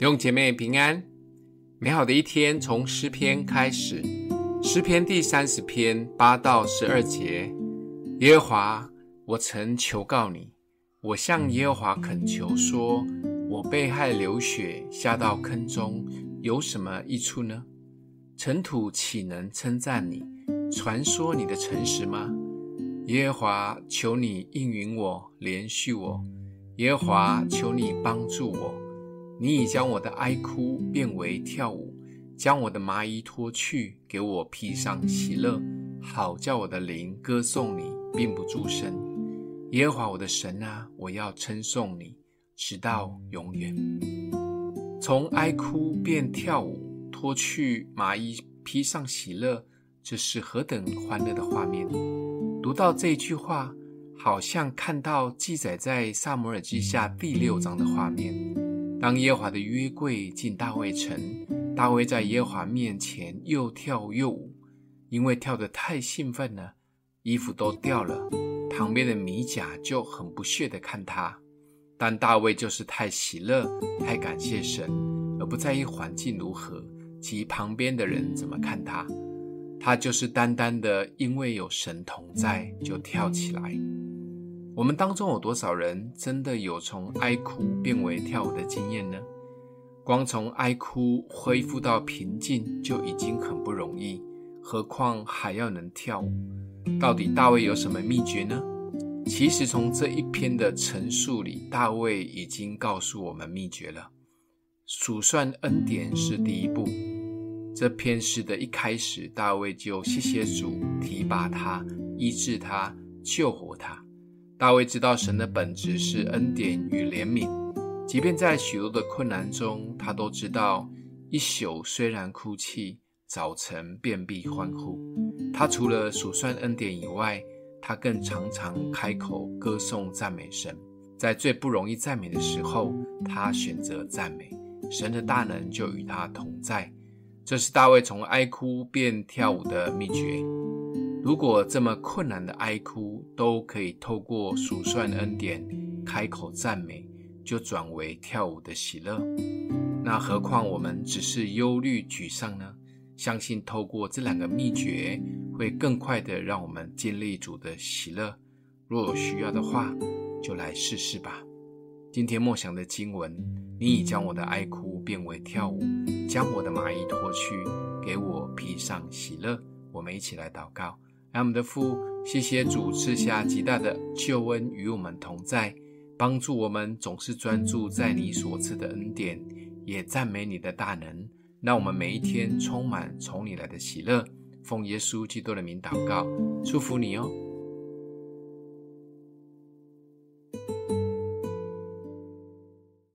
弟兄姐妹平安，美好的一天從詩篇開始。詩篇第三十篇八到十二節：耶和華，我曾求告你，我向耶和華懇求說，我被害流血下到坑中，有什麼益處呢？塵土豈能稱讚你，傳說你的誠實嗎？耶和華，求你應允我，憐恤我。耶和華，求你幫助我。你已將我的哀哭變為跳舞，將我的麻衣脫去，給我披上喜樂，好叫我的靈歌頌你，並不住聲。耶和華我的神啊，我要稱頌你，直到永遠。從哀哭變跳舞，脫去麻衣，披上喜樂，這是何等歡樂的畫面！讀到這一句話，好像看到記載在撒母耳記下第六章的畫面。當耶和華的約櫃進大衛城，大衛在耶和華面前又跳又舞，因為跳得太興奮了，衣服都掉了。旁邊的米甲就很不屑地看他，但大衛就是太喜樂，太感謝神，而不在意環境如何及旁邊的人怎麼看他。他就是單單的因為有神同在，就跳起來。我們當中有多少人真的有從哀哭變為跳舞的經驗呢？光從哀哭恢復到平靜就已經很不容易，何況還要能跳舞？到底大衛有什麼祕訣呢？其實從這一篇的陳述裡，大衛已經告訴我們祕訣了：數算恩典是第一步。這篇詩的一開始，大衛就謝謝主提拔他、醫治他、救活他。大衛知道神的本質是恩典與憐憫，即便在許多的困難中，他都知道一宿雖然哭泣，早晨便必歡呼。他除了數算恩典以外，他更常常開口歌頌讚美神。在最不容易讚美的時候，他選擇讚美，神的大能就與他同在。這是大衛從哀哭變跳舞的秘訣。如果這麼困難的哀哭都可以透過數算恩典、開口讚美，就轉為跳舞的喜樂，那何況我們只是憂慮沮喪呢？相信透過這兩個秘訣，會更快地讓我們經歷主的喜樂。若有需要的話，就來試試吧。今天默想的經文：你已將我的哀哭變為跳舞，將我的麻衣脫去，給我披上喜樂。我們一起來禱告。愛我們的父，謝謝主賜下極大的救恩與我們同在，幫助我們總是專注在你所賜的恩典，也讚美你的大能，讓我們每一天充滿從你來的喜樂。奉耶穌基督的名禱告，祝福你哦。